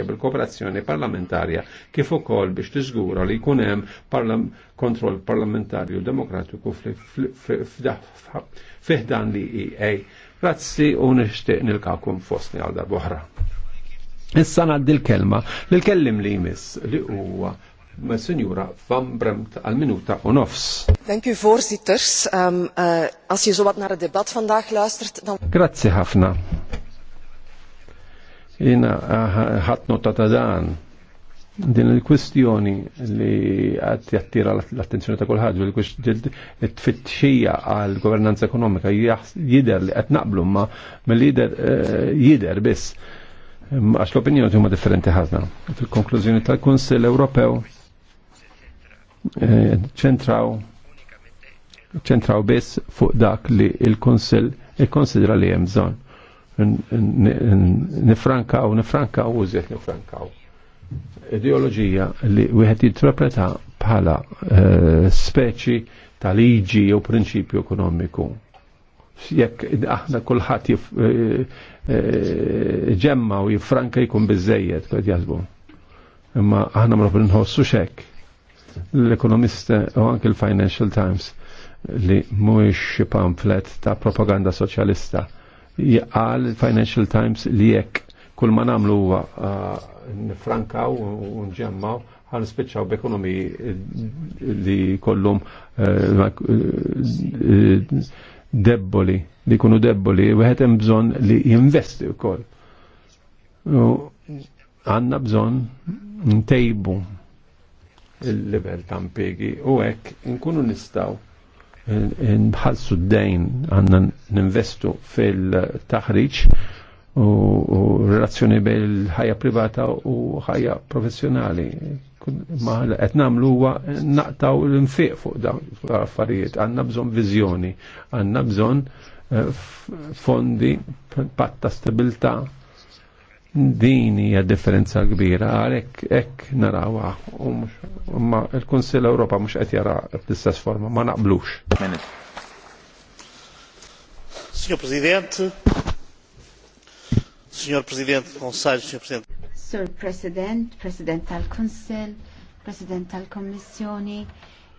bil-kooperazzjoni e parlamentarja kif ukoll biex tiżgura li jkun hemm kontroll parlamentarju demokratiku fiħdan li EA. Grazzi u nixtieq nilkakum fostni għal darbohra. Issa ngħaddi l-kelma li l kellim li jmiss li huwa ma' Sinjura Van Bremt għal minuta u nofs. Dank u voorzitters. Um, uh, als je zo debat vandaag luistert, dan... Grazie ħafna. Jina ah, ah, ħatnu ta' ta' dan din il-kwistjoni li għat jattira l-attenzjoni ta' kullħad il-tfittxija għal governanza ekonomika jider li għat naqblu ma mill-jider eh, jider biss għax l-opinjoni huma differenti ħazna. Fil-konklużjoni tal-Kunsill Ewropew eh, ċentraw ċentraw biss fuq dak li il-Kunsill ikkonsidra li hemm bżonn Nifrankaw, nifrankaw użiet nifrankaw. Ideologija li wieħed jitrapreta bħala eh, speċi ta' liġi jew prinċipju ekonomiku. Jekk aħna kulħadd eh, eh, ġemma u jifranka jkun biżejjed kod jaħsbu. Imma aħna mrob nħossu xek. l ekonomista u anke l-Financial Times li mhuwiex pamflet ta' propaganda soċjalista għal Financial Times li jekk kull ma namlu huwa uh, nifrankaw u ġemmaw għan speċaw b'ekonomi uh, li kollum uh, debboli, li kunu debboli, u hemm bżon li jinvesti u koll. Għanna bżon ntejbu il-level tampegi u hekk nkunu nistaw nħalsu d-dejn għanna ninvestu fil-taħriċ u relazzjoni bejn ħajja privata u ħajja professjonali. Maħla, etnam l-uwa naqtaw l-infiq fuq da affarijiet għandna bżonn viżjoni, għandna bżonn eh, fondi patta stabilta' Din hija differenza kbira għalhekk hekk narawha ma l-Kunsill Ewropa mhux qed jara fl-istess forma ma naqblux. Signor Presidente, Signor Presidente Consiglio, Signor Presidente. Sir President, President tal-Kunsill, President tal-Kommissjoni,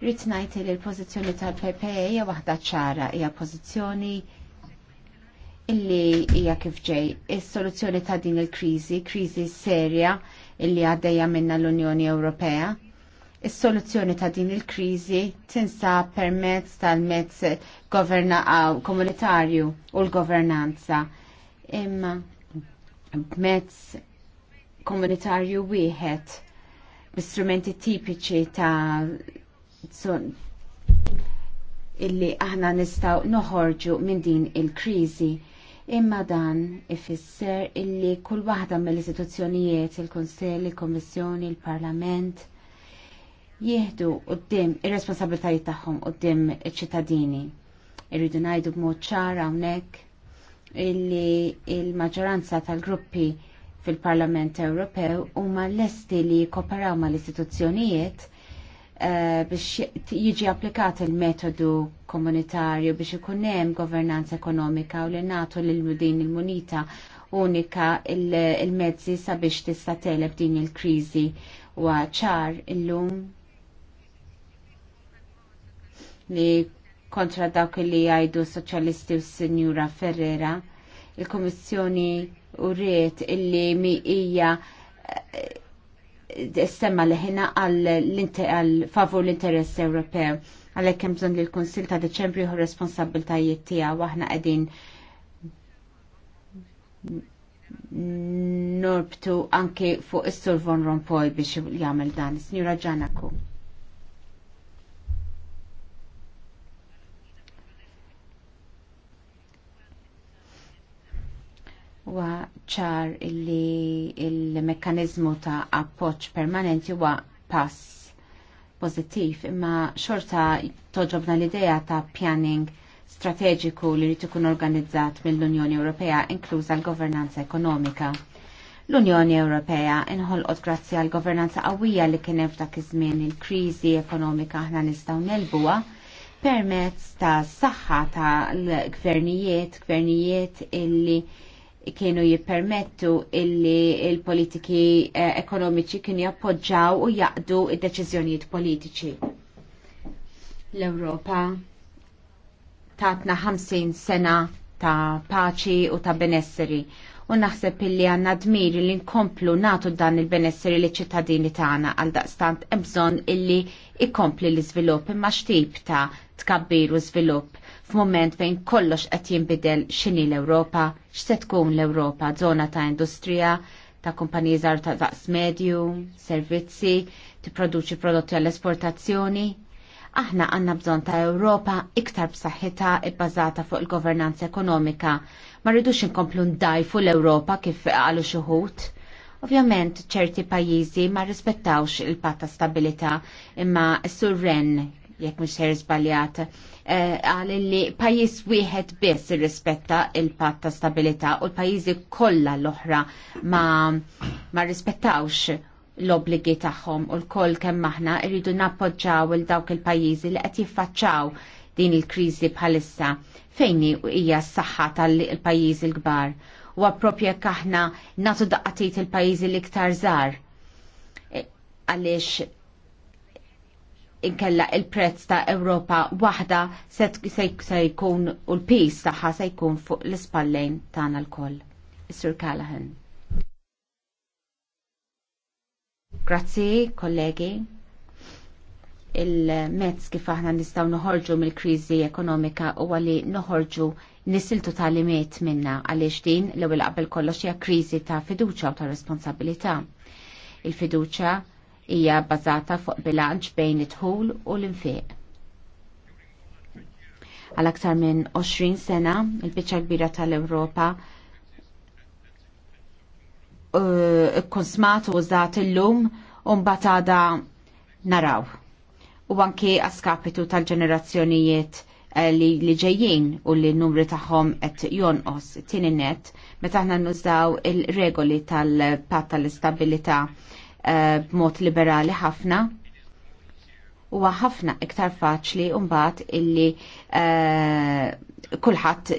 ritnajti ngħid li l-pożizzjoni tal-PPE hija waħda ċara, hija pożizzjoni illi hija kif ġej. Is-soluzzjoni ta' din il-kriżi, kriżi serja illi għaddejja minna l-Unjoni Ewropea. Is-soluzzjoni ta' din il-kriżi tinsa permezz tal-mezz komunitarju u l-governanza. Imma mezz komunitarju wieħed b'istrumenti tipiċi ta' illi aħna nistaw noħorġu minn din il-kriżi Imma dan ifisser illi kull waħda mill-istituzzjonijiet, il kunsell il-Kommissjoni, il-Parlament, jieħdu qudiem ir-responsabbiltajiet tagħhom qudiem iċ-ċittadini. Irridu ngħidu b'mod ċar hawnhekk illi il-maġġoranza tal-gruppi fil-Parlament Ewropew huma lesti li jkoperaw mal-istituzzjonijiet Eh, biex jiġi applikat il-metodu komunitarju biex ikun hemm governanza ekonomika u li nagħtu lil din il-munita unika il-mezzi sabiex tista' teleb din il-kriżi u ċar illum li kontra dawk li jgħidu soċjalisti u s-Sinjura Ferrera, il-Kummissjoni u riet illi mi hija eh, semma leħina għal-favur l-interess Ewropew. Għalhekk hemm bżonn li l-Kunsil ta' Deċembru responsabiltajiet tija tiegħu aħna qegħdin norbtu anki fuq is-Sur Von Rompuy biex jagħmel dan. Signora Ġanaku. Huwa ċar illi il-mekkanizmu ta' appoċ permanenti huwa pass pozittiv imma xorta toġobna l-idea ta' pjanning strateġiku li rrit ikun organizzat mill-Unjoni Ewropea inkluża l-governanza ekonomika. L-Unjoni Ewropea inħolqot grazzi għal governanza qawwija li kien hemm dak iż-żmien il-kriżi ekonomika aħna nistgħu nelbuha permezz ta' saħħa ta' l-gvernijiet, gvernijiet illi kienu jippermettu illi il-politiki eh, ekonomiċi kienu jappoġġaw u jaqdu id-deċiżjonijiet politiċi. L-Ewropa tatna 50 sena ta' paċi u ta' benesseri u naħseb illi għanna dmiri li nkomplu natu dan il-benesseri li ċittadini tagħna għal daqstant ebżon illi ikompli l-iżvilupp imma xtib ta' tkabbir u żvilupp f'moment fejn kollox qed jinbidel x'inhi l-Ewropa, x'se tkun l-Ewropa, żona ta' industrija, ta' kumpaniji żgħar ta' daqs medju, servizzi, tipproduċi prodotti għall-esportazzjoni. Aħna għandna bżonn ta' Ewropa iktar b'saħħitha bbażata fuq il-governanza ekonomika. Ma rridux inkomplu ndajfu l-Ewropa kif qalu xi wħud. Ovvjament ċerti pajjiżi ma rispettawx il-patta stabilità imma s-surren jekk mhux ser żbaljat, eh, għal li pajjiż wieħed biss irrispetta il-patt ta' stabilità u l-pajjiżi kollha l-oħra ma, ma rispettawx l-obligi tagħhom u l-koll kemm aħna rridu nappoġġaw il dawk il-pajjiżi li qed jiffaċċaw din il-kriżi bħalissa fejn hija s-saħħa tal-pajjiżi l-kbar u għapropja kaħna natu daqqatit il pajjiżi li ktar zar. Eh, Għalix inkella il-prezz ta' Ewropa waħda se jkun u l-pis tagħha se jkun fuq l-ispallejn tagħna lkoll. Is-Sur Callahan. Grazzi, kollegi. Il-mezz kif aħna nistgħu noħorġu mill-kriżi ekonomika huwa li noħorġu nisiltu talimiet minna għaliex din l-ewwel qabel kollox hija kriżi ta' fiduċja u ta' responsabilità. Il-fiduċja hija bbażata fuq bilanċ bejn it-tħul u l infiq Għal aktar minn 20 sena, il-biċċa kbira tal-Ewropa uh, konsmat użat illum un batada naraw. U anki għaskapitu tal-ġenerazzjonijiet eh, li ġejjin u li numri taħħom et jonqos tini net meta ħna nużaw il-regoli tal-pat tal-istabilita Eh, b'mod liberali ħafna huwa ħafna iktar faċli mbagħad illi eh, kulħadd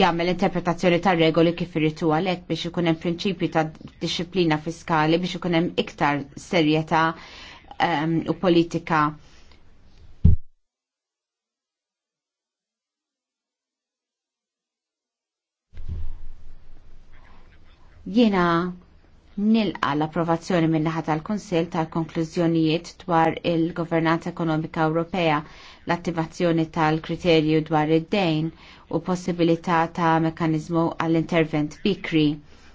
jagħmel interpretazzjoni tar regoli kif irritu għalhekk biex ikun hemm prinċipju ta' disciplina fiskali biex ikun hemm iktar serjetà ehm, u politika jiena nilqa l-approvazzjoni min-naħa tal-Kunsill tal-konklużjonijiet dwar il-Governanza Ekonomika Ewropea, l-attivazzjoni tal-kriterju dwar id-dejn u possibilità ta' mekanizmu għall-intervent bikri.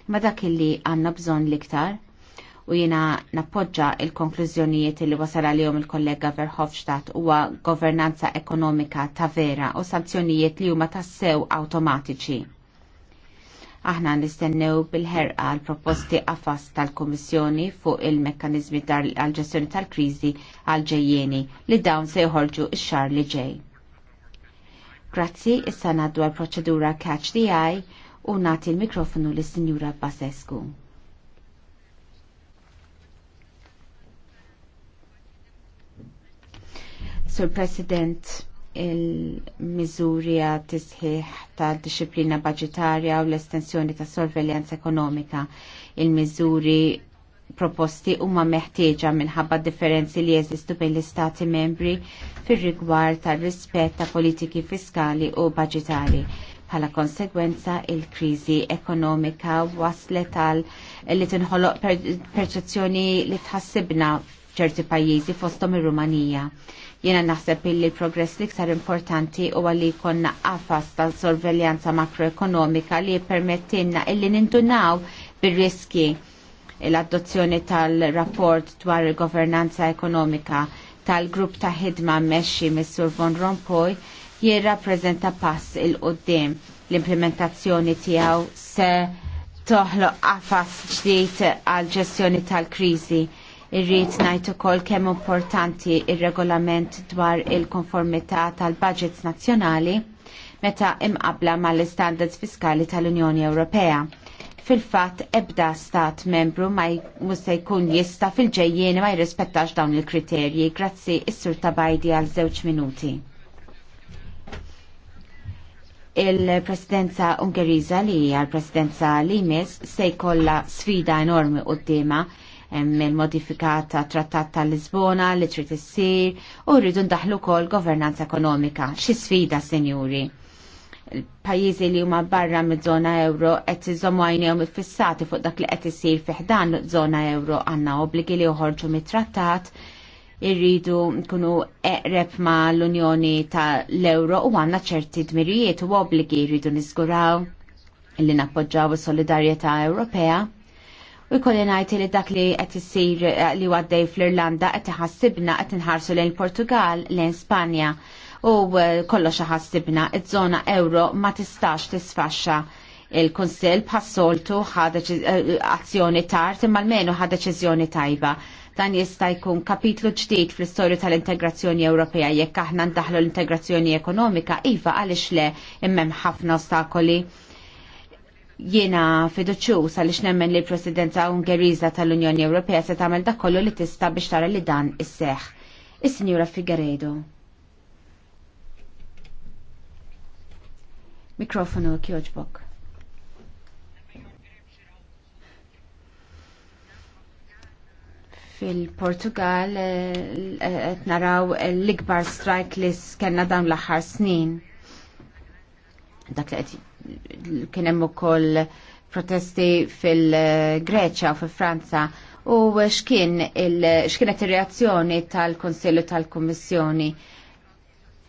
Ma dak illi għandna bżonn l-iktar u jina nappoġġa il-konklużjonijiet li wasal għalihom il-kollega Verhofstadt huwa governanza ekonomika ta' vera u sanzjonijiet li huma tassew awtomatiċi Aħna nistennew bil-ħerqa l-proposti għafas tal-Komissjoni fuq il-mekkanizmi tal ġestjoni tal-krizi għal-ġejjeni li dawn se jħorġu ix xar li ġej. Grazzi, issa naddu għal-proċedura Catch the Eye u nati l-mikrofonu l sinjura Basescu. Sur President, il-miżuri tisħiħ tal-disciplina budgetarja u l-estensjoni ta' sorveljanza ekonomika. Il-miżuri proposti huma meħtieġa minħabba differenzi li jeżistu bejn l-istati membri fir-rigward tar-rispett ta' politiki fiskali u budgetari. Bħala konsegwenza il-kriżi ekonomika waslet għal li tinħoloq perċezzjoni li tħassibna f'ċerti pajjiżi fosthom ir-Rumanija Jena naħseb illi progress liktar importanti u għalli konna għafas tal-sorveljanza makroekonomika li permettinna illi nindunaw bil-riski l-adozzjoni tal-rapport dwar il-governanza ekonomika tal-grupp ta' ħidma meċi Sur Von Rompuy jirrapprezenta pass il-qoddim l-implementazzjoni tijaw se toħloq għafas ġdid għal ġestjoni tal-krizi Irrid ngħid ukoll kemm importanti r regolament dwar il-konformità tal-budgets nazzjonali meta imqabla mal-standards fiskali tal-Unjoni Ewropea. Fil-fatt ebda stat membru ma musta jkun jista fil-ġejjieni ma jirrispettax dawn il-kriterji. Grazzi is-sur tabajdi għal żewġ minuti. Il-presidenza Ungeriża li hija l-presidenza Limes se jkollha sfida enormi qudiema hemm il modifikata ta' trattat ta' Lisbona li trid issir u rridu ndaħlu wkoll governanza ekonomika. Xi sfida, sinjuri? pajjiżi li huma barra mid-żona euro qed iżommu għajnejhom iffissati fuq dak li qed issir isir fiħdan żona euro għandna obbligi li joħorġu mit-trattat irridu nkunu eqreb ma l-Unjoni ta' l-Euro u għanna ċerti dmirijiet u obbligi irridu nizguraw illi nappoġġaw is-solidarjetà Ewropea U jkolli ngħid li dak li qed isir eh, li għaddej fl-Irlanda qed iħassibna qed inħarsu lejn Portugal, lejn Spanja u eh, kollox iħassibna iż-żona euro ma tistax tisfaxxa il-Kunsill passoltu ħad eh, azzjoni tard imma l-menu ħad deċiżjoni tajba dan jista' jkun kapitlu ġdid fl-istorju tal-integrazzjoni Ewropea jekk aħna ndaħlu l-integrazzjoni ekonomika iva għaliex le immem ħafna ostakoli Jiena sal-ix nemmen li l-Presidenza Ungeriża tal-Unjoni Ewropea se tagħmel dak kollu li tista' biex tara li dan isseħħ. Is-Sinjura Figueredo. Mikrofonu kjoġbok. Fil-Portugal eh, eh, qed naraw l-ikbar strike li skenna dawn l-aħħar snin. Dak li qed kien hemm ukoll protesti fil-Greċja u fil-Franza u x'kien x'kienet ir-reazzjoni tal kunsillu tal-Kummissjoni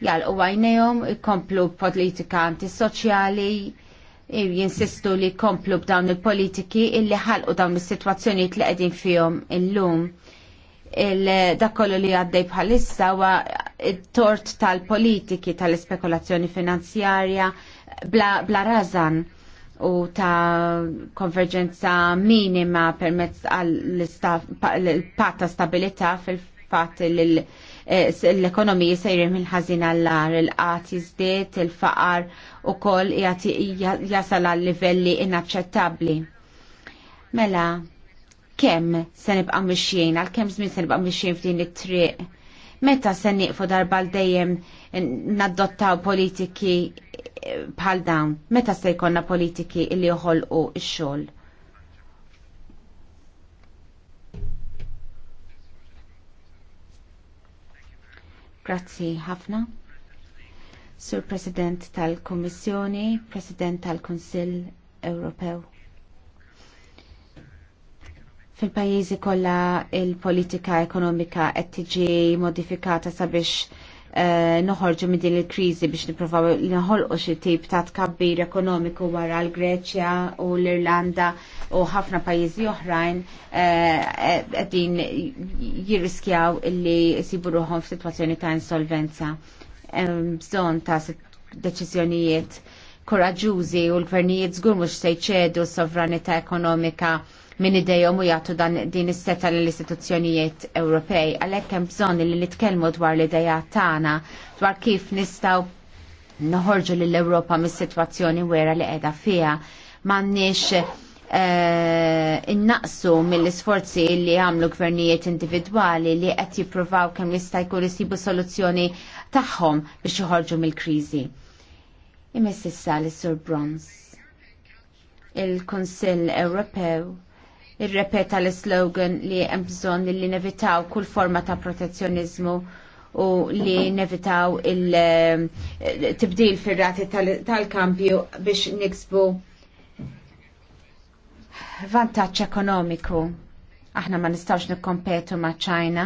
Jal u għajnejhom ikomplu politika antisoċjali e, jinsistu li komplu b'dawn il-politiki illi ħalqu dawn is-sitwazzjoni li qegħdin fihom illum dakollu li għaddej bħalissa huwa it-tort tal-politiki tal ispekulazzjoni finanzjarja bla, bla razan u ta' konverġenza minima permezz għall-pat ta' stabilita fil-fat l- eh, ekonomija se sejri mill ħazin għall-ar, il-qat jizdiet, il-faqar u koll jasal għal livelli inaċċettabli. Mela, kemm se nibqa' mixjien, għal kem żmien se nibqa' mixjien f'din it-triq? Meta se nieqfu darba l dejjem naddottaw politiki bħal dawn, meta se jkollna politiki li joħolqu x-xogħol? Grazzi ħafna. Sur President tal-Kommissjoni, President tal-Kunsill Ewropew. Fil-pajjiżi kollha il-politika ekonomika qed tiġi modifikata sabiex Eh, noħorġu minn din il-kriżi biex nipprovaw noħolqu xi tip ta' tkabbir ekonomiku wara l-Greċja u l-Irlanda u ħafna pajjiżi oħrajn eh, eh, qegħdin jirriskjaw illi jsibu ruħhom f'sitwazzjoni ta' insolvenza. Bżonn ta' deċiżjonijiet koraġużi u l-gvernijiet żgur mhux se jċedu s-sovranità ekonomika minn idejhom u jagħtu dan din is-seta lill-istituzzjonijiet Ewropej. Għalhekk hemm bżonn li nitkellmu dwar l idea tagħna dwar kif nistgħu noħorġu lill-Ewropa mis-sitwazzjoni wera li qiegħda fiha. M'għandniex Uh, innaqsu mill-isforzi li għamlu gvernijiet individuali li qed jippruvaw kemm jista' jkun isibu soluzzjoni tagħhom biex joħorġu mill-kriżi. Imessissa issa l-Sur Bronze. Il-Kunsill Ewropew irrepeta l-slogan li hemm bżonn li nevitaw kull forma ta' protezzjonizmu u li nevitaw il-tibdil eh, fir-rati tal-kampju biex niksbu vantaġġ ekonomiku. Aħna ma nistawx nikkompetu ma' ċajna,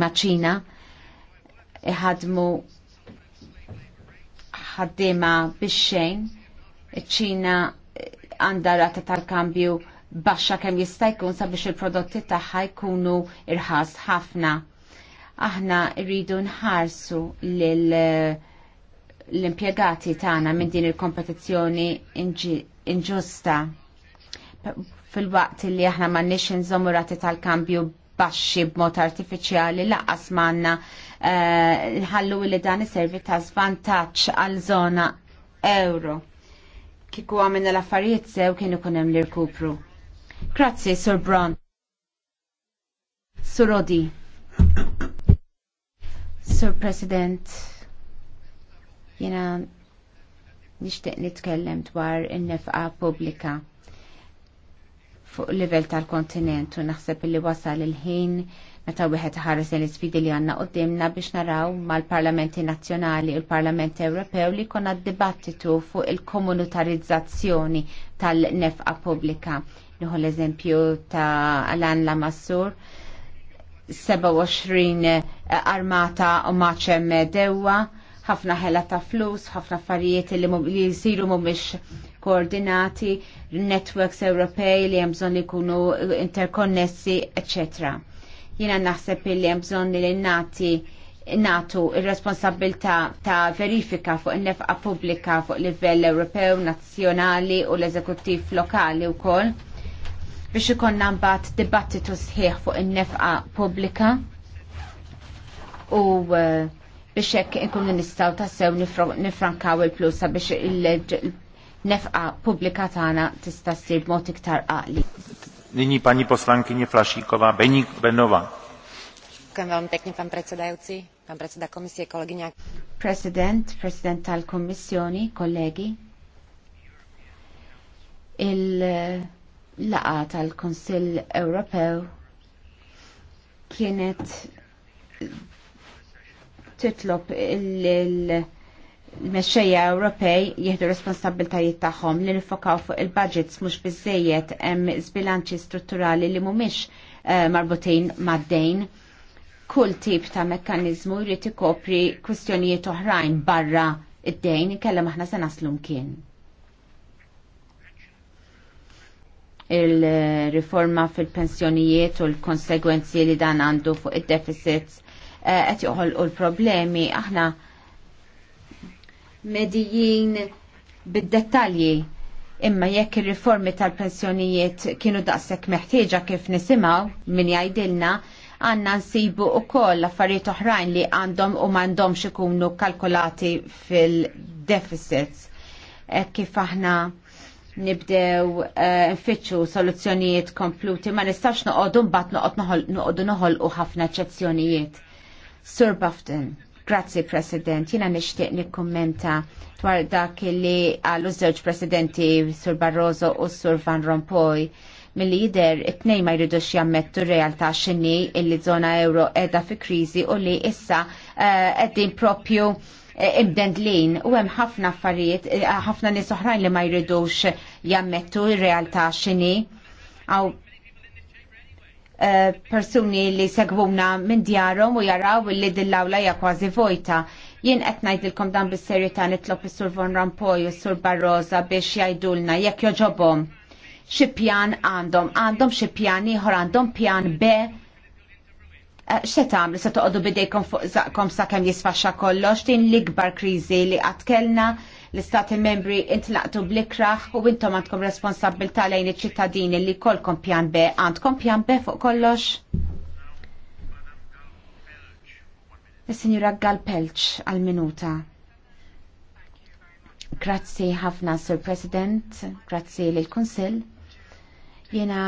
ma' ċina, iħadmu ħaddima biex xejn, ċina għandha rata tal-kambju baxxa kemm jista' jkun sabiex il-prodotti tagħha jkunu irħas ħafna. Aħna rridu nħarsu eh, l-impjegati tagħna minn din il-kompetizzjoni inġusta fil-waqt li aħna m'għandniex nżommu rati tal-kambju baxxi b'mod artifiċjali laqas manna eh, nħallu li dan iservi ta' svantaġġ għal żona euro. Kiku għamilna l-affarijiet sew kienu kunem l-irkupru. Grazzi, Sir Brand. Sir Rodi. Sir President, jena nishtiq nitkellem dwar in-nefqa pubblika fuq livell tal-kontinent u naħseb li wasal il-ħin meta wieħed ħares li sfidi li għandna qudiemna biex naraw mal-Parlamenti Nazzjonali u l-Parlament Ewropew li konna dibattitu fuq il-komunitarizzazzjoni tal-nefqa pubblika. Nħu l-eżempju ta' Alan Lamassur, 27 eh, armata u maċem dewa, ħafna ħela ta' flus, ħafna affarijiet li, jisiru mu mhumiex koordinati, networks Ewropej li hemm bżonn li jkunu interkonnessi, etc. Jiena naħseb li hemm bżonn li nati natu il-responsabilta ta' verifika fuq in-nefqa pubblika fuq livell Ewropew, nazzjonali u l-eżekuttiv lokali wkoll biex ikonna mbagħad dibattitu sħiħ fuq in-nefqa pubblika u uh, biex hekk ikunu nistgħu tassew nifrankaw il-flus biex il-nefqa pubblika tagħna tista' ssir b'mod iktar qali. Nini pani poslankynie Flašíková Beník Benova. Ďakujem veľmi pekne, pán predsedajúci, pán predseda komisie, kolegyňa. President, president tal-kommissjoni, kollegi. Il- laqa tal konsil Ewropew kienet titlob il-mexxejja Ewropej jieħdu responsabiltajiet tagħhom li nifokaw fuq il-budgets mhux biżejjed hemm żbilanċi strutturali li mhumiex eh, marbutin mad-dejn. Kull tip ta' mekkaniżmu jrid ikopri kwistjonijiet oħrajn barra id-dejn kellem aħna se naslu mkien. il-riforma fil-pensjonijiet u l-konsegwenzi li dan għandu fuq id-deficits eh, qed joħolqu l-problemi aħna medijin bid-dettalji imma jekk ir-riformi tal-pensjonijiet kienu daqshekk meħtieġa kif nisimgħu min jgħidilna għanna nsibu u koll affarijiet oħrajn li għandhom u m'għandhomx ikunu kalkolati fil-deficits kif aħna nibdew eh, nfittxu soluzzjonijiet kompluti ma nistax noqogħdu mbagħad noqgħod noqogħdu noħolqu ħafna eċċezzjonijiet. Sir Bafton, grazzi President, jiena nixtieq nikkummenta dwar dak li għallu żewġ Presidenti Sur Barroso u Sur Van Rompuy mill-li jider it tnejn ma jridux jammettu realtà x'inhi illi żona euro edha fi kriżi u li issa eh, qegħdin uh, propju Eh, lejn u hemm ħafna affarijiet, eh, ħafna nies oħrajn li ma jridux jammettu r-realtà x'inhi. Aw eh, persuni li segwuna minn djarhom u jaraw li l-awla hija kważi vojta. Jien qed ngħidilkom dan bis-serjetà nitlob is-Sur Von Rampoj u s-Sur Barroza biex jgħidulna jekk joġobhom xi pjan għandhom, għandhom xi pjan ieħor għandhom pjan B Eh, xe tamlu se toqgħodu bidejkom fuq sa sakemm jisfaxxa kollox din l-ikbar kriżi li għatkelna l-istati membri intlaqtu blikraħ u intom għandkom responsabilta lejn iċ-ċittadini li kolkom pjan be, għandkom pjan be fuq kollox? Il-Sinjura Galpelċ għal-minuta. Grazzi ħafna, Sir President, grazzi l-Konsil. Jena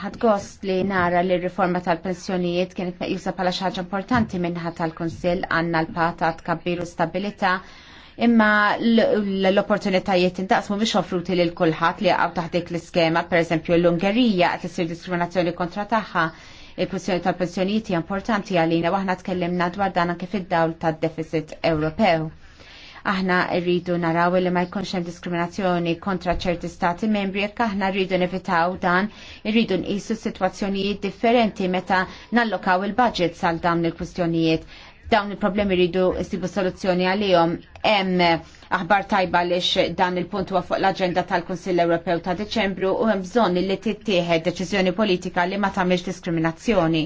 ħad gost li nara li riforma tal-pensjonijiet kienet meqjusa bħala xaġa importanti minnħa tal-Konsil għanna l pata tkabbir u stabilita imma l-opportunitajiet intaqsmu biex offruti lil kulħadd li għaw taħdik l-iskema, per eżempju l-Ungerija qed isir diskriminazzjoni kontra tagħha il pensjoni tal-pensjonijiet hija importanti għalina waħna tkellimna dwar dan kif id dawl tad-deficit Ewropew Aħna rridu naraw li ma jkunx hemm diskriminazzjoni kontra ċerti stati membri jekk aħna rridu nevitaw dan, irridu nqisu sitwazzjonijiet differenti meta nallokaw il-budget sal dawn il-kwistjonijiet dawn il-problemi rridu jsibu soluzzjoni għalihom. Hemm aħbar tajba lix dan il-punt huwa fuq l-aġenda tal-Kunsill Ewropew ta' Deċembru u hemm bżonn li tittieħed deċiżjoni politika li ma tagħmilx diskriminazzjoni.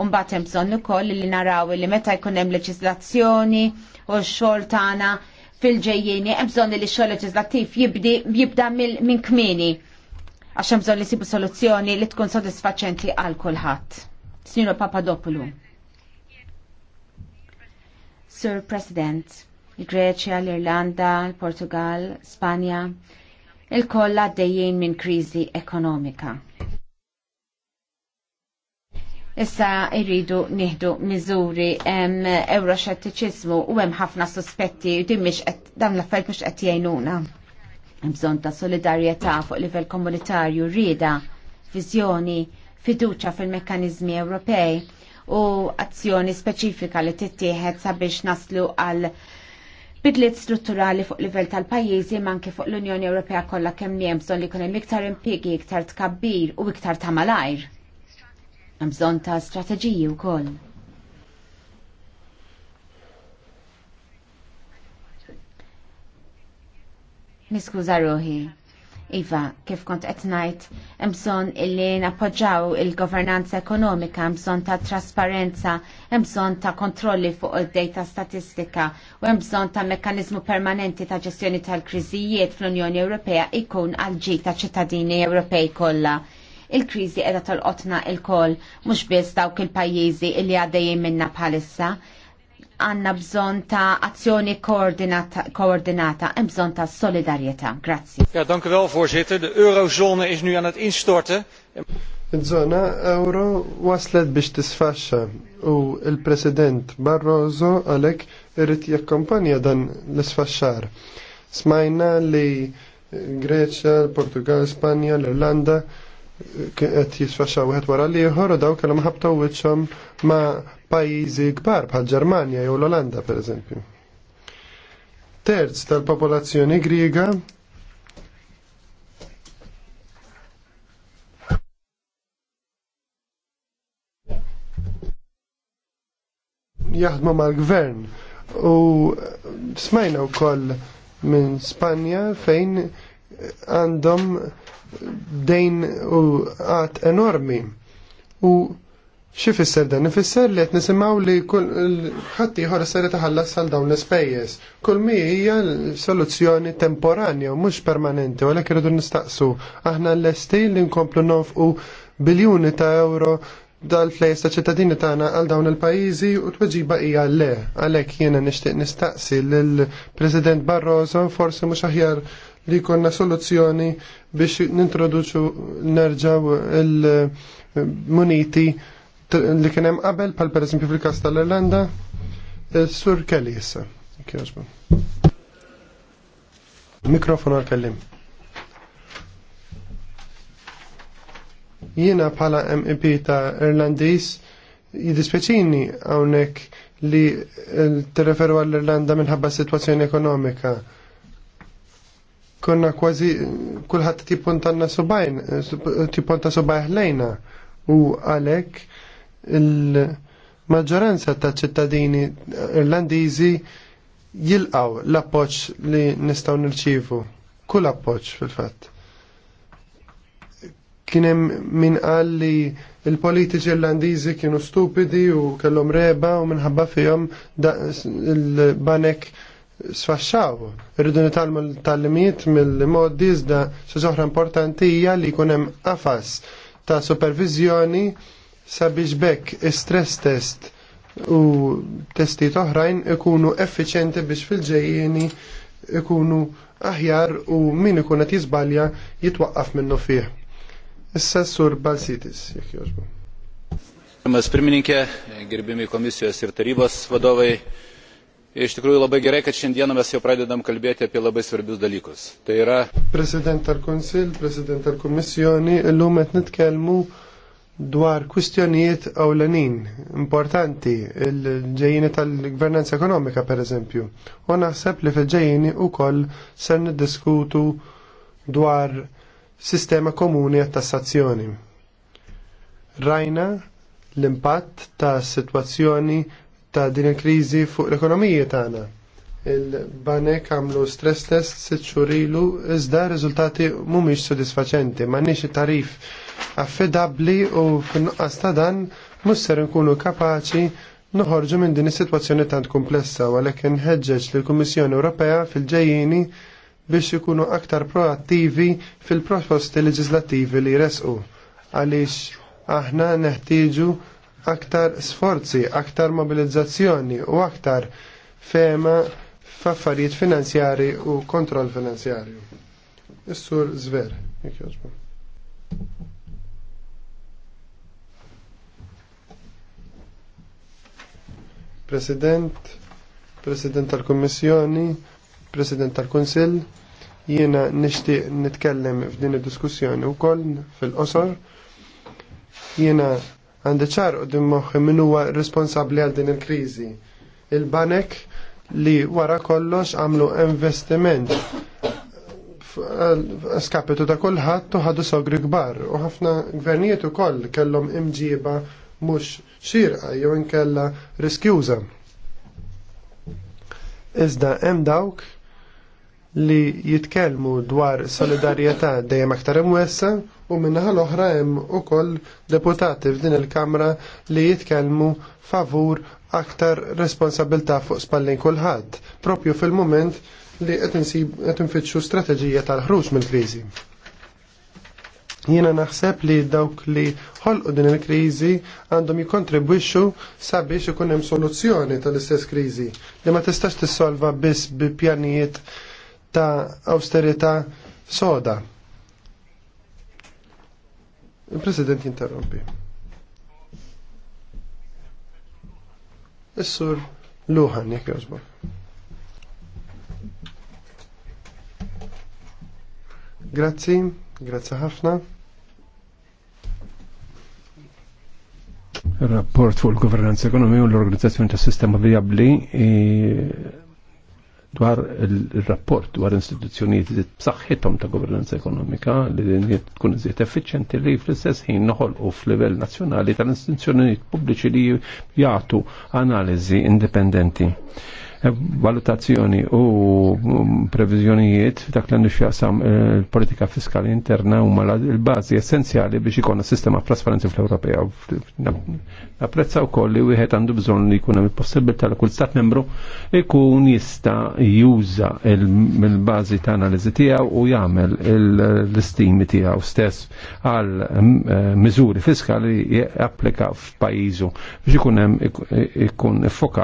Umbagħad hemm bżonn ukoll li naraw li meta jkun hemm leġislazzjoni u x-xogħol tagħna fil-ġejjeni, hemm bżonn li x-xogħol leġislattiv jibda minn kmini għax hemm bżonn li sibu soluzzjoni li tkun sodisfaċenti għal kulħadd. Signor Papadopoulou. Sir President, il-Greċja, l-Irlanda, l portugal Spanja, il-kolla dejjien minn kriżi ekonomika Issa irridu nieħdu miżuri hemm u hemm ħafna sospetti u din mhix qed l-affarijiet mhux qed jgħinuna. Hemm bżonn ta' solidarjetà fuq livell komunitarju rieda, viżjoni, fiduċa fil-mekkaniżmi Ewropej u azzjoni speċifika li tittieħed sabiex naslu għal bidliet strutturali fuq livell tal-pajjiżi manki fuq l-Unjoni Ewropea kollha kemm hemm bżonn li jkun hemm iktar impjiegi, iktar tkabbir u iktar ta' malajr. Hemm bżonn ta' strateġiji wkoll. Niskuża ruħi. Iva, kif kont qed ngħid, hemm bżonn illi nappoġġaw il-governanza ekonomika, hemm bżonn ta' trasparenza, hemm bżonn ta' kontrolli fuq id-data statistika u hemm bżonn ta' mekkaniżmu permanenti ta' ġestjoni tal-kriżijiet fl-Unjoni Ewropea ikun għal ġid ta' ċittadini Ewropej kollha il-kriżi qiegħda tolqotna il-kol mhux biss dawk il-pajjiżi li għaddejjin minna bħalissa. Għanna bżon ta' azzjoni koordinata, hemm bżon ta' solidarjetà. Grazzi. Ja, dank u wel, voorzitter. De eurozone is nu aan het instorten. iż euro waslet biex tisfaxxa u il-President Barroso għalhekk irid jakkompanja dan l-isfaxxar. Smajna li Greċja, Portugal, Spanja, l-Irlanda qed jisfaxxaw wieħed wara l-ieħor u daw kellhom ħabtaw wiċċhom ma' pajjiżi kbar bħal Ġermanja jew l-Olanda pereżempju. Terz tal-popolazzjoni Griega jaħdmu mal-gvern u smajna wkoll minn Spanja fejn għandhom dejn u għat enormi. U xifisser dan? Nifisser li għet nisimaw li ħatti ħor s-sari taħallas għal dawn l-spejjes. Kull mi hija soluzzjoni temporanja u mux permanenti, u għalek irridu nistaqsu. Aħna l esti li nkomplu nofqu biljoni ta' euro dal-flejs ta' ċittadini tagħna għal dawn il-pajjiżi u tweġiba hija le. Għalhekk jiena nixtieq nistaqsi lill-President Barroso forsi mhux aħjar li konna soluzzjoni biex nintroduċu nerġaw il-muniti li kienem qabel, pal per esempio fil-kas tal-Irlanda, sur Kelly jissa. Mikrofon għal-kellim. Jiena bħala MEP ta' Irlandis jidispeċini għawnek li t-referu għall-Irlanda minħabba situazzjoni ekonomika konna kważi kulħadd tippuntanna subajn, tippunta subaj lejna u għalhekk il-maġġoranza ta' ċittadini irlandiżi jilqaw l-appoġġ li nistgħu nirċievu. Kull appoġġ fil-fatt. Kien hemm min qal li il-politiċi irlandiżi kienu stupidi u kellhom reba u minħabba fihom il-banek sfaxxaw. Rridu nitalmu l-tallimiet mill-modi iżda s soħra importanti hija li jkun hemm ta' supervizjoni sabiex bekk stress test u testi oħrajn ikunu effiċenti biex fil-ġejjeni ikunu aħjar u min ikun qed jiżbalja jitwaqqaf minnu fih. Issa sur Balsitis, jekk jogħġbu. Pirmininkė, għirbimi komisijos ir tarybos vadovai, E, iš tikrųjų labai gerai, kad šiandieną mes jau pradedam kalbėti apie labai svarbius dalykus. Tai yra... Prezident ar konsil prezident ar kommissjoni l net kelmų nitkelmu dwar aulenin, importanti il-ġejjini tal-gvernanza ekonomika per esempio. Ona sepli li fil-ġejjini u koll ser niddiskutu dwar sistema komuni għat-tassazzjoni. Rajna l-impatt ta' situazzjoni ta' din il-kriżi fuq l-ekonomija tagħna. Il-banek għamlu stress test sitt ilu iżda riżultati mhumiex sodisfaċenti, m'għandniex tarif affidabbli u f'nuqqas ta' dan mhux ser nkunu kapaċi noħorġu minn din is-sitwazzjoni tant komplessa u għalhekk inħeġġeġ lill-Kummissjoni Ewropea fil-ġejjieni biex ikunu aktar proattivi fil-proposti leġislattivi li jresqu għaliex aħna neħtieġu aktar sforzi, aktar mobilizzazzjoni u aktar fema f'affarijiet finanzjari u kontroll finanzjarju. Is-sur Zver, jekk President, President tal-Kommissjoni, President tal kunsill jiena nixtieq nitkellem f'din id-diskussjoni wkoll fil-qosor. Jiena għandi ċar u dimmoħi min huwa responsabli għal din il-krizi. Il-banek li wara kollox għamlu investiment skapitu ta' kullħat u ħadu sogri kbar u ħafna gvernijiet ukoll kellhom imġiba mhux xirqa jew inkella riskjuża. Iżda hemm dawk li jitkellmu dwar solidarjetà dejjem aktar imwessa u minnaħa l-oħra hemm ukoll deputati f'din il-Kamra li jitkellmu favur aktar responsabilità fuq spallin kulħadd, propju fil-mument li qed infittxu strateġija tal-ħruġ mill-kriżi. Jiena naħseb li dawk li ħolqu din il-kriżi għandhom jikontribwixxu sabiex ikun hemm soluzzjoni tal-istess kriżi li ma tistax tissolva biss bi pjanijiet ta' austerita soda. Il-President jinterrompi. Is-sur Luhan, jek jozbok. Grazzi, grazzi ħafna. Rapport fuq il-Governanza Ekonomija u l-Organizzazzjoni tas Sistema Viabli dwar il-rapport dwar istituzzjonijiet li b'saħħithom ta' governanza ekonomika li tkun iżjed effiċjenti li fl-istess ħin noħolqu f'livell nazzjonali tal-istituzzjonijiet pubbliċi li jagħtu analiżi indipendenti valutazzjoni u previżjonijiet dak li xjaqsam il-politika eh, fiskali interna huma l-bażi essenzjali biex ikonna sistema trasparenzi fl-Ewropea. Napprezza wkoll li wieħed għandu bżonn li jkun hemm il-possibilità li kull stat membru ikun jista' juża il-bażi ta' analiżi tiegħu u jagħmel l-istimi tiegħu stess għal eh, miżuri fiskali applika f'pajjiżu biex ikun hemm ikun fuq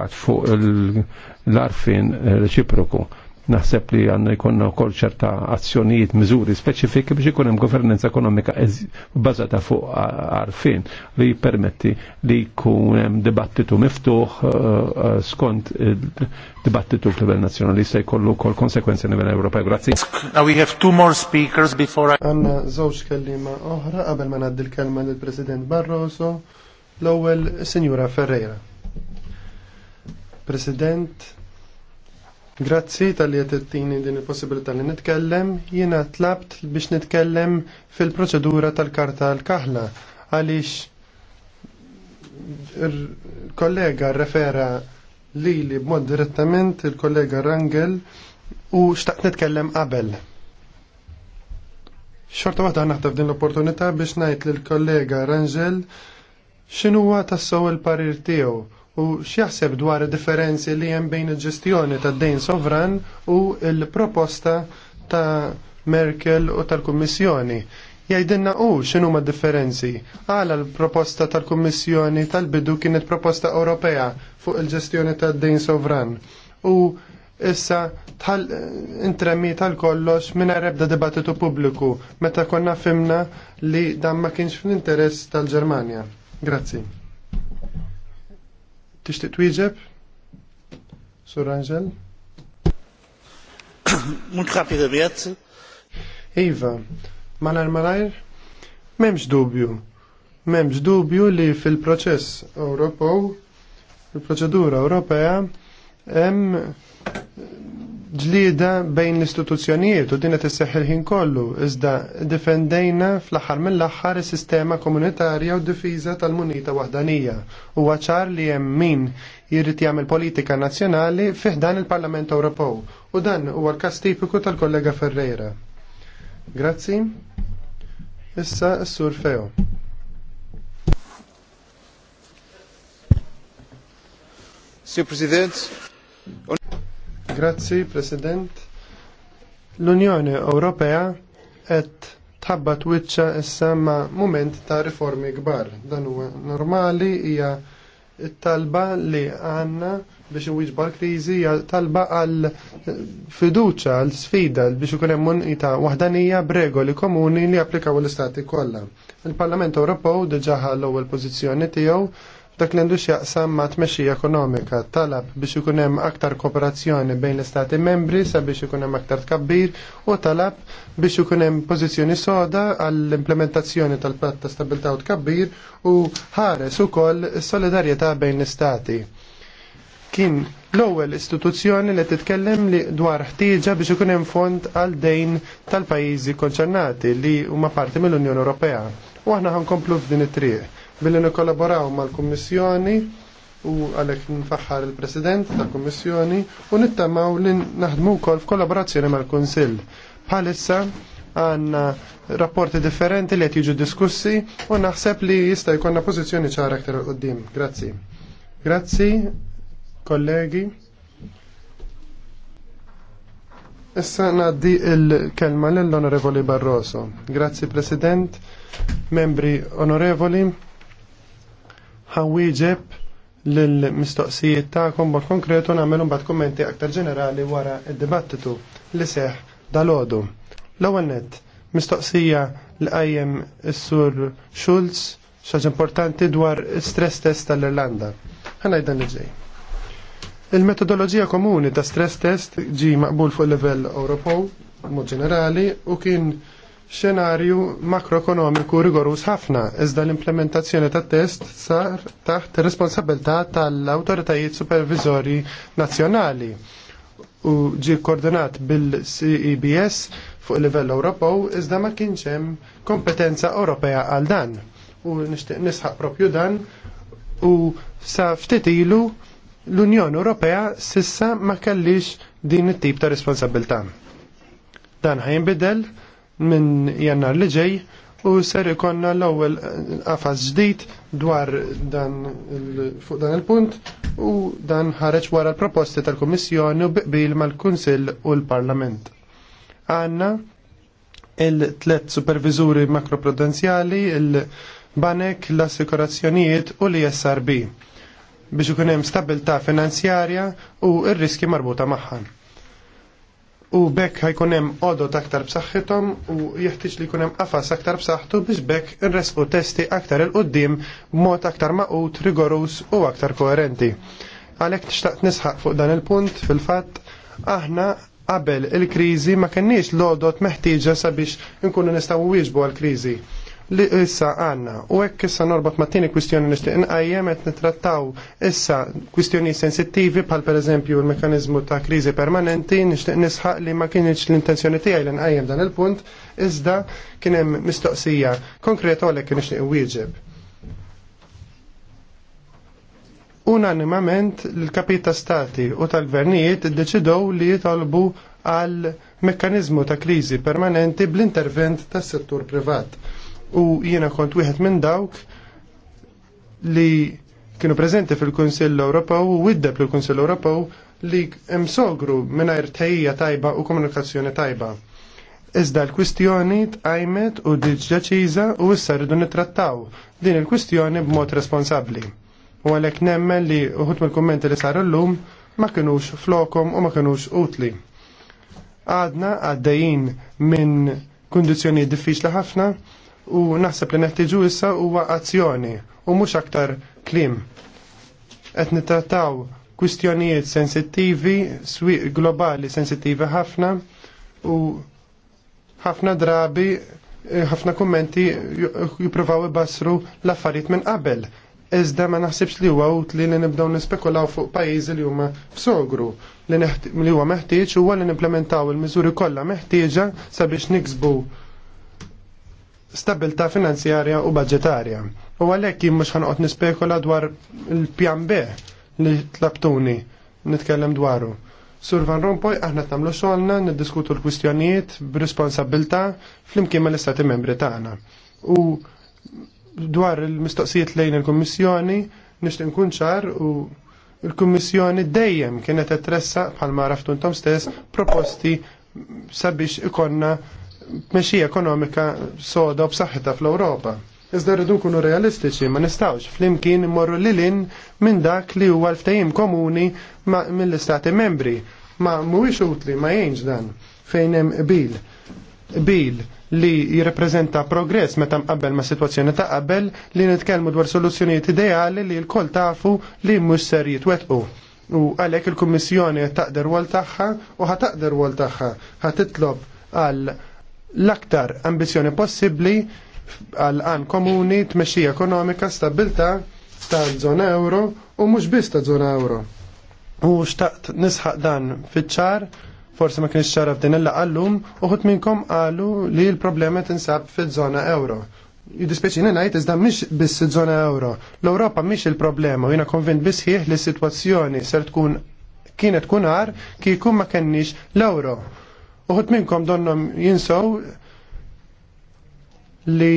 il- l-arfin reċiproku. Naħseb li għanna jkunna kol ċerta azzjonijiet, mizuri speċifiki biex ikun hemm governanza ekonomika bazata fuq arfin li jippermetti li jkun hemm dibattitu miftuħ eh, eh, skont dibattitu f'livell nazzjonali se jkollu kol konsekwenzi livell Ewropew. Grazzi. Now we have two more speakers before I... Għanna żewġ kelliema oħra qabel ma ngħaddi l-kelma lill-President Barroso l-ewwel Sinjura Ferreira. President, grazzi tal-li għetettini din il-possibilità li nitkellem. jina tlabt biex nitkellem fil-proċedura tal-karta l għalix għaliex kollega refera li li b'mod direttament il-kollega Rangel u xtaqt nitkellem qabel. Xorta waħda naħtaf din l-opportunità biex najt lill kollega Rangel xinuwa tassaw il-parir tiegħu u x'jaħseb dwar differenzi li hemm bejn il-ġestjoni tad-dejn sovran u l-proposta ta' Merkel u tal-Kummissjoni. Jgħidilna u x'inhu ma' differenzi. Għala l-proposta tal-Kummissjoni tal-bidu kienet proposta Ewropea fuq il-ġestjoni tad-dejn sovran. U issa tal intremmi tal-kollox minna rebda dibattitu pubbliku meta konna fimna li dan ma kienx fl-interess tal-Ġermanja. Grazzi. Tixtieq twieġeb? Sur Angel? Mult rapidament. Iva, malajr malajr, Memx dubju. Memx dubju li fil-proċess Ewropew, fil proċedura Ewropea, hemm ġlieda bejn l-istituzzjonijiet u din qed isseħħ il-ħin kollu iżda difendejna fl-aħħar mill-aħħar is-sistema komunitarja u difiża tal-munita waħdanija. Huwa ċar li hemm min jrid jagħmel politika nazzjonali fih dan il-Parlament Ewropew u dan huwa l-każ tipiku tal-kollega Ferreira. Grazzi. Issa s-sur Feo. Sir President, Grazzi, President. L-Unjoni Ewropea qed tabbat wiċċa issa ma' mument ta' riformi kbar. Dan huwa normali hija talba li għanna biex nwiġba l hija talba għal fiduċa, għal sfida biex ikun hemm munqita waħdanija b'regoli komuni li applikaw l-istati kollha. Il-Parlament Ewropew diġà l-ewwel pożizzjoni tiegħu Dak li industrija jaqsam ma' tmexxija ekonomika talab biex ikun hemm aktar kooperazzjoni bejn l-istati membri sabiex ikun hemm aktar tkabbir u talab biex ikun hemm pożizzjoni soda għall-implementazzjoni tal-patt ta' stabilità u tkabbir u ħares ukoll solidarjetà bejn l-istati kien l-ewwel istituzzjoni li titkellem li dwar ħtieġa biex ikun hemm fond għal dejn tal-pajjiżi konċernati li huma parti mill-Unjoni Ewropea. U aħna ħankomplu f'din it-triq billi nikkollaboraw mal-Kummissjoni u għalhekk nfaħħar il-President tal-Kummissjoni u nittamaw li naħdmu wkoll f'kollaborazzjoni mal-Kunsill. Palissa għandna rapporti differenti li qed jiġu diskussi u naħseb li jista' jkollna pożizzjoni ċara aktar għoddim. Grazzi. Grazzi, kollegi. Issa naddi il-kelma l-Onorevoli Barroso. Grazzi President, membri onorevoli ħawieġeb l-mistoqsijiet ta'kom b'mod konkretu nagħmelhom bat kommenti aktar ġenerali wara il dibattitu li seħ dal-għodu. L-ewwel nett, mistoqsija l qajjem s sur Schulz xaġ importanti dwar stress test tal-Irlanda. Ħanajdan li ġej. Il-metodoloġija komuni ta' stress test ġi maqbul fuq livell Ewropew mod ġenerali u kien xenarju makroekonomiku rigorus ħafna, iżda l-implementazzjoni ta' test sar taħt responsabilità tal-autoritajiet supervizori nazzjonali u ġi koordinat bil-CEBS fuq livell Ewropew iżda ma kienx hemm kompetenza Ewropea għal dan. U nixtieq nisħaq propju dan u sa ftit ilu l-Unjoni Ewropea sissa ma kellix din it-tip ta' responsabilità. Dan bidel minn jannar li ġej u ser ikonna l-ewwel eh, qafas ġdid dwar dan fuq dan il-punt u dan ħareġ wara l-proposti tal-Kummissjoni u biqbil mal-Kunsill u l-Parlament. Għanna il-tlet superviżuri makroprudenzjali, il-banek, l-assikurazzjonijiet u l-ISRB biex ikun hemm stabilità finanzjarja u r-riski marbuta magħha u bekk ħajkun hemm għodot aktar b'saħħithom u jeħtieġ li jkun hemm qafas aktar b'saħħtu biex bekk irresqu testi aktar il qudiem b'mod aktar maqut, rigorus u aktar koerenti. Għalhekk tixtaq nisħaq fuq dan il-punt fil-fatt aħna qabel il-kriżi ma kenniex l odot meħtieġa sabiex nkunu nistgħu wieġbu għall-kriżi li issa għanna. U hekk issa norbot mattini kwistjoni nixtieq għajjem qed nittrattaw issa kwistjoni sensittivi per pereżempju l-mekkaniżmu ta' kriżi permanenti nixtieq nisħaq li ma kienieċ l-intenzjoni tiegħi li nqajjem dan il-punt iżda kien hemm mistoqsija konkreta għalhekk nishtiq wieġeb. Unanimament l-kapit ta' stati u tal-gvernijiet deċidow li jitolbu għal mekkanizmu ta' kriżi permanenti bl-intervent tas-settur privat u jiena kont wieħed minn dawk li kienu preżenti fil-Kunsill Ewropew u widdeb lill kunsill Ewropew li hemm sogru mingħajr tejja tajba u komunikazzjoni tajba. Iżda l-kwistjoni tqajmet u deċiża u issa rridu nittrattaw din il-kwistjoni b'mod responsabbli. U għalhekk nemmen li uħut mill-kummenti li saru llum ma kinux flokom u ma kinux utli. Għadna għaddejjin minn kundizzjonijiet diffiċli ħafna u naħseb li neħtieġu issa huwa azzjoni u mhux aktar klim. Qed nittrattaw kwistjonijiet sensittivi, swieq globali sensittivi ħafna u ħafna drabi eh, ħafna kummenti jippruvaw ibassru l-affarijiet minn qabel. Iżda ma naħsibx li huwa utli li nibdew nispekulaw fuq pajjiżi li huma f'sogru li huwa meħtieġ huwa li nimplementaw il-miżuri kollha meħtieġa sabiex niksbu stabilta finanzjarja u budgetarja. U għalhekk jien mhux ħanqod nispekula dwar il-pjan B li tlabtuni nitkellem dwaru. Sur Van Rompuy aħna tagħmlu xogħolna niddiskutu l-kwistjonijiet b'responsabilta flimkien mal-Istati Membri tagħna. U dwar il-mistoqsijiet lejn il-Kummissjoni nixtieq nkun ċar u il-Kummissjoni dejjem kienet tressa bħalma raftu stess proposti sabiex ikonna mexija ekonomika soda u b'saħħitha fl-Ewropa. Iżda rridu nkunu realistiċi, ma nistawx flimkien morru lilin minn dak li huwa l-ftajim komuni mill-istati membri. Ma mhuwiex utli ma jgħinx dan fejn hemm bil. Bil li jirrepreżenta progress meta mqabbel ma' sitwazzjoni ta' qabel li nitkellmu dwar soluzzjonijiet ideali li l-kol tafu li mhux ser jitwetqu. U għalhekk il-Kummissjoni taqder wol tagħha u ħataqder wol tagħha ħatitlob għal l-aktar ambizjoni possibbli għal-għan komuni, tmexxija ekonomika, stabilta ta' żona euro u mhux biss ta' żona euro. U xtaqt nisħaq dan fitxar, ċar forse ma kienx ċara f'din il-laqallum, uħut minnkom qalu li l-problema tinsab fit żona euro. Jidispeċina jt iżda mish biss zona żona euro. L-Europa mish il-problema, u jina konvint bisħiħ li s-situazzjoni ser tkun kienet kunar kieku ma kennix l-euro. Uħut minnkom donnom jinsaw li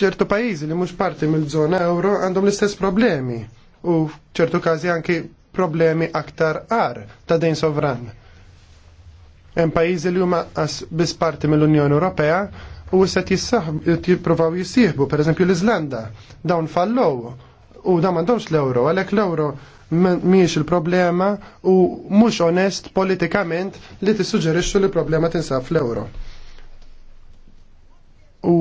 ċertu pajizi li mhux parti mill zona euro għandhom l-istess problemi u ċertu każi anki problemi aktar ar ta' dejn sovran. Hemm pajjiżi li huma biss parti mill-Unjoni Ewropea u issa jippruvaw jissieħbu, eżempju l-Iżlanda, dawn fallow u da mandomx l-euro, għalek l-euro miex il-problema u mux onest politikament li tissuġerixxu li problema tinsab fl-euro. U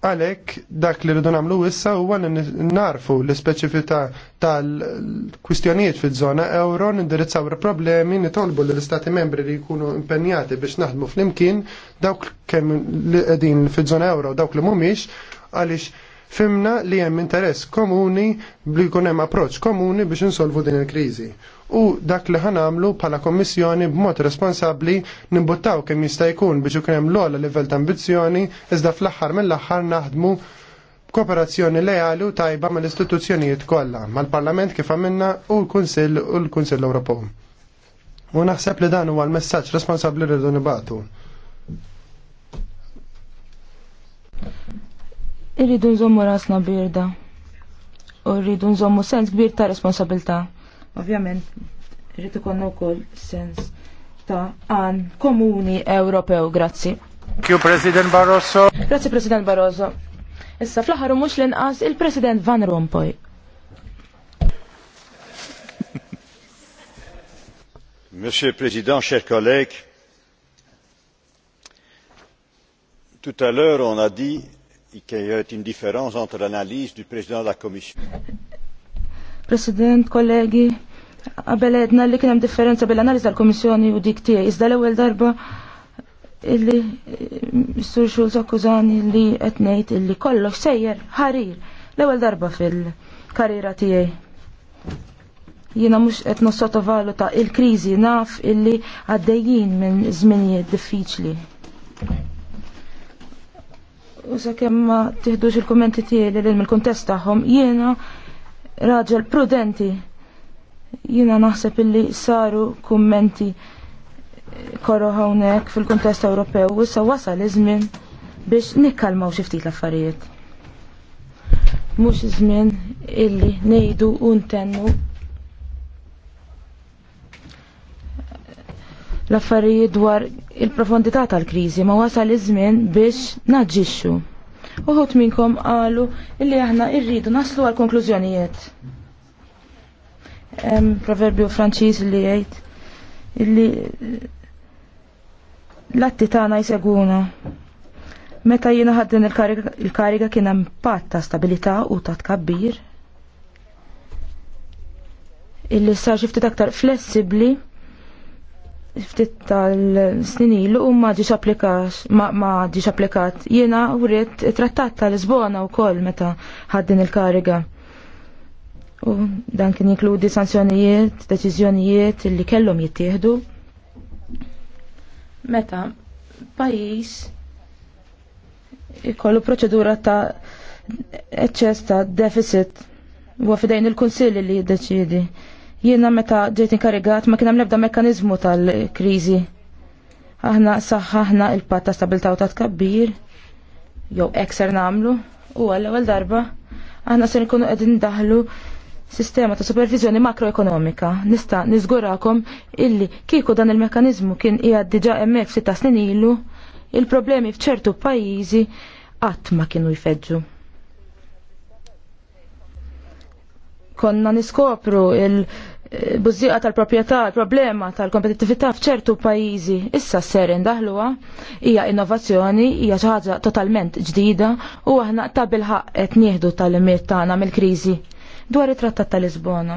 għalek dak li rridu namlu issa huwa li narfu l-speċifità tal-kwistjonijiet fil-żona euro nindirizzaw problemi nitolbu li l-istati membri li jkunu impenjati biex naħdmu fl-imkien dawk kemm li qegħdin fil-żona euro dawk li mhumiex għaliex Fimna li hemm interess komuni li jkun hemm approċċ komuni biex insolvu din il-kriżi. U dak li ħanamlu bħala Kommissjoni b'mod responsabbli nimbuttaw kemm jista' jkun biex ikun hemm l-ogħla livell ta' ambizzjoni iżda fl-aħħar mill-aħħar naħdmu kooperazzjoni lejali u tajba mal-istituzzjonijiet kollha, mal-Parlament kif għamilna u l-Kunsill u l-Kunsill Ewropew. U naħseb li dan huwa l-messaġġ responsabbli rridu nibatu. Irridu nżommu rasna birda. U rridu nżommu sens kbir ta' responsabilta. Ovvjament, rridu konnu kol sens ta' għan komuni Ewropew, grazzi. Kju President Barroso. Grazzi President Barroso. Issa fl-aħħar mux l-inqas il-President Van Rompuy. Monsieur le Président, chers collègues, tout à l'heure on a dit qu'il y ait une différence entre l'analyse du président de la Commission. President, kollegi, qabel edna li kien hemm differenza bil-analiż tal-Kummissjoni u dik tiegħi. Iżda l-ewwel darba illi Mr. Eh, Schulz akkużani li qed ngħid illi kollox sejjer ħarir l-ewwel darba fil-karriera tiegħi jina mux etno sottovaluta il-krizi naf illi għaddejjin minn zminijiet diffiċli. U sakemm ma tiħdux il kumenti tiegħi lil mill-kuntest tagħhom, jiena raġel prudenti. Jiena naħseb illi saru kummenti korro hawnhekk fil-kuntest Ewropew u issa wasal iż-żmien biex nikkalmaw xi ftit l-affarijiet. Mhux iż-żmien illi ngħidu u ntennu l-affarijiet dwar il-profondità tal-kriżi ma wasal iż-żmien biex naġġixxu. Uħut minnkom qalu illi aħna rridu naslu għal konklużjonijiet. Hemm proverbju Franċiż li jgħid illi eh, l-atti tagħna jseguna. Meta jiena ħaddin il-kariga kien hemm patt ta' stabilità u ta' tkabbir. Illi sar xi ftit aktar flessibbli ftit tal-snin ilu u ma ġiex applikat, ma ġiex applikat. Jiena wrid trattat tal-Lisbona wkoll meta ħaddin il-kariga. U dan kien jinkludi sanzjonijiet, deċiżjonijiet li kellhom jittieħdu. Meta pajjiż ikollu proċedura ta' eċċess ta' deficit u fidejn il kunsilli li jiddeċiedi. Jiena meta ġejt inkarigat ma kien hemm l-ebda mekkaniżmu tal-kriżi. Aħna saħħaħna il-patt ta' stabilta' u ta' tkabbir jew ekser nagħmlu u għall-ewwel darba aħna se nkunu qegħdin daħlu sistema ta' supervizjoni makroekonomika. Nista' niżgurakom illi kieku dan il-mekanizmu kien qiegħed diġà hemmhekk f'sitta snin ilu, il-problemi f'ċertu pajjiżi qatt ma kienu jfeġġu. konna niskopru il-bużieqa eh, tal-proprjetà, il-problema tal-kompetittività f'ċertu pajjiżi. Issa ser indaħluha hija innovazzjoni, hija xi ħaġa totalment ġdida u aħna ta' bilħaq qed nieħdu tal-imiet tagħna mill-kriżi dwar it-Trattat tal-Lisbona.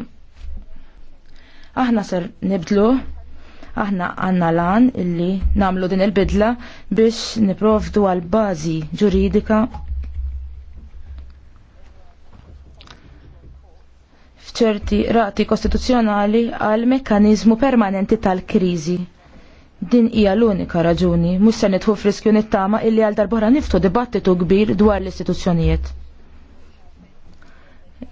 Aħna ser nibdlu, aħna għanna lan illi namlu din il-bidla biex niprofdu għal bazi ġuridika f'ċerti rati kostituzzjonali għal mekkaniżmu permanenti tal-kriżi. Din hija l-unika raġuni mhux se nidħu f'riskju nittama illi għal darbora niftu dibattitu kbir dwar l-istituzzjonijiet.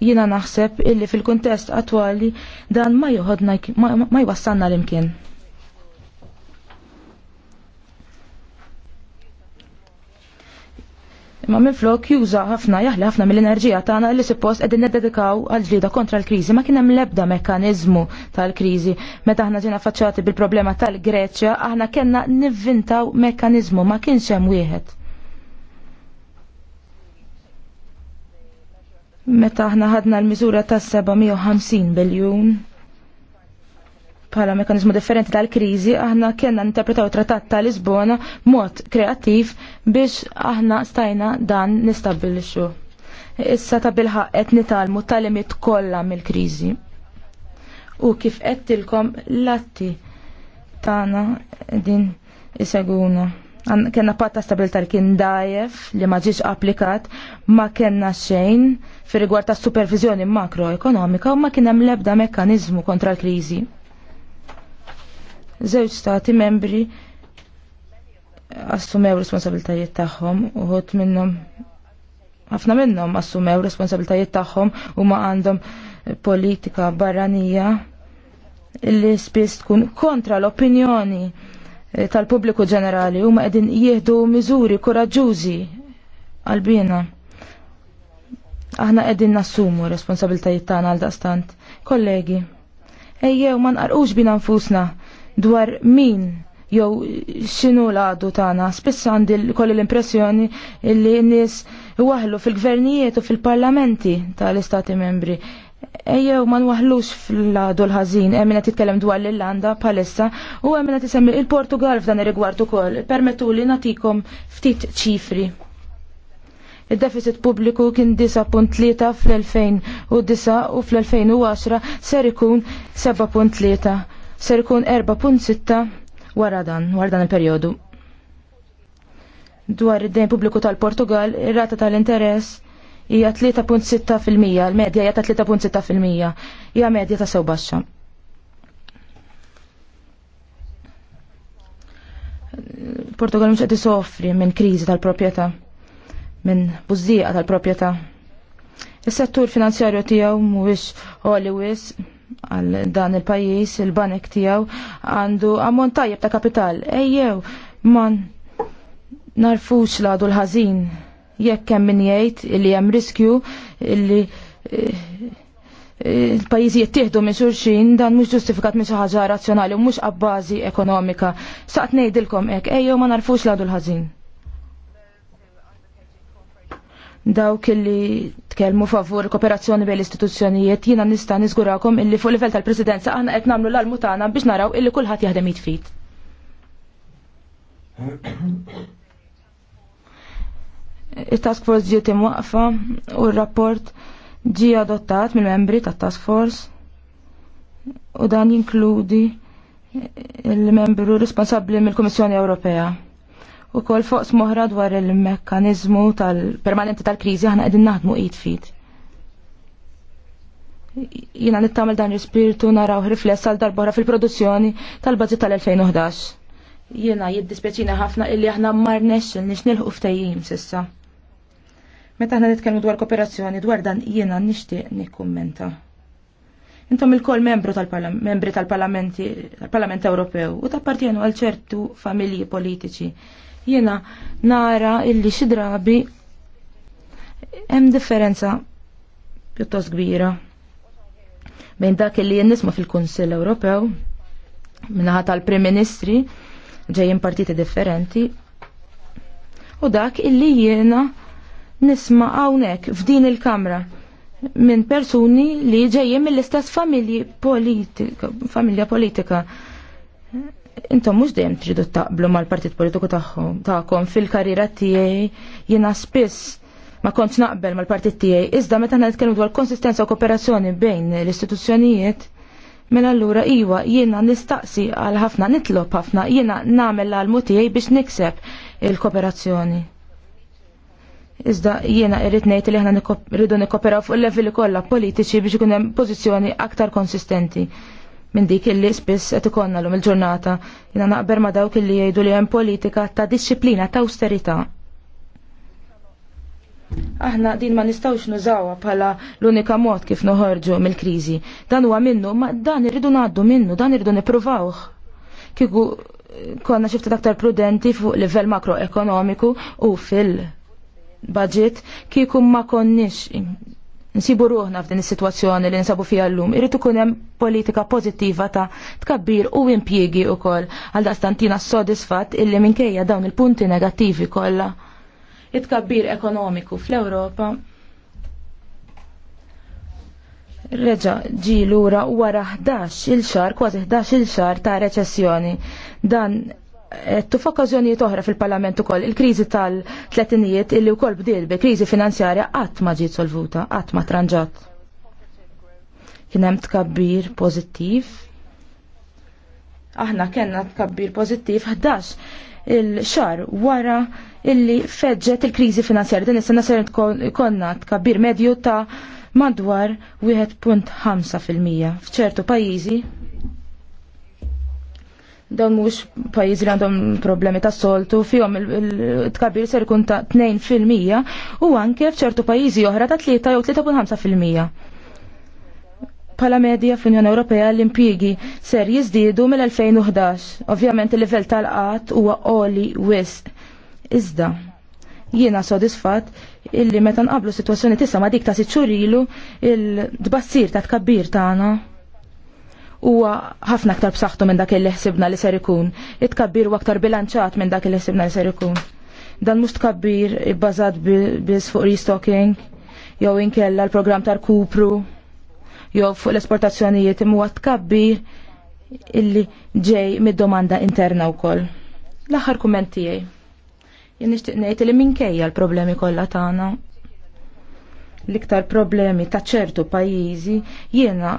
Jina naħseb illi fil-kuntest attwali dan ma joħodna ma, ma jwassalna l-imkien. ma minflok juża ħafna jaħli ħafna mill-enerġija tagħna li suppost qegħdin neddedikaw għal ġlieda kontra l-kriżi. Ma kien hemm l-ebda mekkaniżmu tal-kriżi. Meta aħna ġiena faċċati bil-problema tal-Greċja, aħna kellna nivvintaw mekkaniżmu ma kienx hemm wieħed. Meta aħna ħadna l-miżura tas-750 biljun bħala mekanizmu differenti tal-kriżi, aħna kena interpretaw trattat ta' Lisbona mod kreattiv biex aħna stajna dan nistabilixu. Issa ta' bilħaq qed nitalmu tal-limit kollha mill-kriżi. U kif qedtilkom l-atti tagħna din iseguna kena patta stabilta li kien dajef li ma applikat ma kena xejn fi rigward ta' supervizjoni makroekonomika u ma kien hemm lebda mekkanizmu kontra l-kriżi żewġ stati membri assumew responsabiltajiet tagħhom uħut minnhom ħafna minnhom assumew responsabiltajiet tagħhom u ma għandhom politika barranija illi spiss tkun kontra l-opinjoni eh, tal-pubbliku ġenerali u ma qegħdin jieħdu miżuri koraġġużi għalbina. Aħna qegħdin nassumu responsabiltajiet tagħna għal daqstant. Kollegi, ejjew ma nqarqux bina nfusna dwar min jew xinu l-għadu tagħna. Spiss għandi kolli l-impressjoni li n-nies waħlu fil-gvernijiet u fil-parlamenti tal-istati membri. Ejjew ma nwaħlux fil-għadu l-ħażin, hemm qed titkellem dwar l-Irlanda palissa u hemm qed isemmi il-Portugal f'dan ir-rigward ukoll. Permettu li natikom ftit ċifri. il deficit pubbliku kien 9.3 fl-2009 u fl-2010 ser ikun 7.3 ser ikun 4.6 wara dan, wara dan il-perjodu. Dwar id-dejn pubbliku tal-Portugal, ir-rata tal-interess hija 3.6 fil-mija, l-medja hija ta' 3.6 fil hija medja ta' sew baxxa. Portugal mhux qed isofri minn kriżi tal-proprjetà, minn bużdieqa tal-proprjetà. Is-settur finanzjarju tiegħu mhuwiex Hollywood għal dan il-pajis, il-banek tijaw, għandu ammont tajjeb ta' kapital. Ejjew, man, narfux laħdu l-ħazin, jekk hemm min jgħid illi hemm riskju illi eh, eh, il-pajizi jittihdu minn xurxin dan mhux ġustifikat minn xi ħaġa razzjonali u mhux qabbażi ekonomika. Saqt ngħidilkom hekk, ejjew ma narfux laħdu l-ħażin dawk li tkellmu favur kooperazzjoni bejn l-istituzzjonijiet jiena nista' niżgurakom illi fuq livell tal-Presidenza aħna qed nagħmlu l-almu tagħna biex naraw illi kulħadd jaħdem jitfit. Il-Task Force ġiet imwaqfa u r-rapport ġie adottat mill-membri tat-Task Force u dan jinkludi il-membru responsabbli mill-Kummissjoni Ewropea. U kol fuq smoħra dwar il-mekkanizmu tal-permanenti tal-krizi ħana għedin naħdmu id fit. Jina nittamil dan il-spiritu naraw riflessa għal darbora fil-produzzjoni tal-bazzi tal-2011. Jina jiddispieċina ħafna illi aħna marnex nix nilħu ftajjim sissa. Meta ħna nitkellmu dwar kooperazzjoni dwar dan jiena nixtieq nikkummenta. Intom il-kol membru tal-parlamenti tal-Parlament Ewropew u tal-partijenu għal ċertu familji politiċi Jiena nara illi xi drabi hemm differenza pjuttost kbira bejn dak illi jien nisma' fil-Kunsill Ewropew minnaħa tal-Prim Ministri ġejjin partiti differenti u dak illi jiena nisma' hawnhekk f'din il-Kamra minn persuni li ġejjin mill-istess familji politika, familja politika intom mhux dejjem tridu taqblu mal-partit politiku tagħhom tagħkom fil-karriera tiegħi jiena spiss ma kontx naqbel mal-partit tiegħi iżda meta nitkellmu dwar konsistenza u kooperazzjoni bejn l-istituzzjonijiet Mela allura iwa jiena nistaqsi għal ħafna nitlob ħafna jiena nagħmel l-almu tiegħi biex nikseb il-kooperazzjoni. Iżda jiena irrid ngħid li aħna rridu nikkoperaw fuq il-leveli kollha politiċi biex ikun hemm pożizzjoni aktar konsistenti minn dik illi spiss qed ikonna l il-ġurnata. Jina naqber ma dawk illi jgħidu li hemm politika ta' disċiplina ta' austerità. Aħna din ma nistawx nużawha bħala l-unika mod kif noħorġu mill-kriżi. Dan huwa minnu, ma dan irridu ngħaddu minnu, dan irridu nippruvawh. Kieku konna xi ftit aktar prudenti fuq livell makroekonomiku u fil-budget kieku ma konniex nsibu ruħna f'din is-sitwazzjoni li nsabu fiha llum, irid ikun hemm politika pożittiva ta' tkabbir u impjiegi wkoll għal daqstantina sodisfatt illi minkejja dawn il-punti negattivi kollha. It-tkabbir ekonomiku fl-Ewropa reġa ġi lura wara 11 il-xar, kważi 11 il-xar ta' reċessjoni. Dan għettu f'okkażjonijiet oħra fil-Parlament ukoll il-kriżi tal-tletinijiet illi wkoll bdil bi kriżi finanzjarja qatt ma ġiet solvuta, qatt ma tranġat. Kien hemm tkabbir pożittiv. Aħna kellna tkabbir pożittiv 11 il-xar wara illi feġġet il-kriżi finanzjarja. Din is-sena ser konna tkabbir medju ta' madwar 1.5 fil-mija. F'ċertu pajjiżi Dawn mhux pajjiżi li għandhom problemi ta' soltu, fihom il-tkabbir ser ikun ta' 2% u anke f'ċertu pajjiżi oħra ta' 3 jew 3.5%. Pala medja fl-Unjoni Ewropea l-impjigi ser jiżdiedu mill-2011. Ovvjament il-livell tal qat huwa qoli wisq. Iżda, jiena sodisfatt illi meta nqablu sitwazzjoni tisa' ma dik ta' siċċurilu il-tbassir ta' tkabbir tagħna huwa ħafna aktar b'saħħtu minn dak li ħsibna li ser ikun. Itkabbir u aktar bilanċat minn dak li ħsibna li ser ikun. Dan mhux tkabbir ibbażat biss fuq restocking jew inkella l-programm tal-kupru jew fuq l-esportazzjonijiet imma tkabbir illi ġej mid-domanda interna wkoll. L-aħħar kumment tiegħi. Jien nixtieq ngħid li minkejja l-problemi kollha tagħna l-iktar problemi ta' ċertu pajjiżi jiena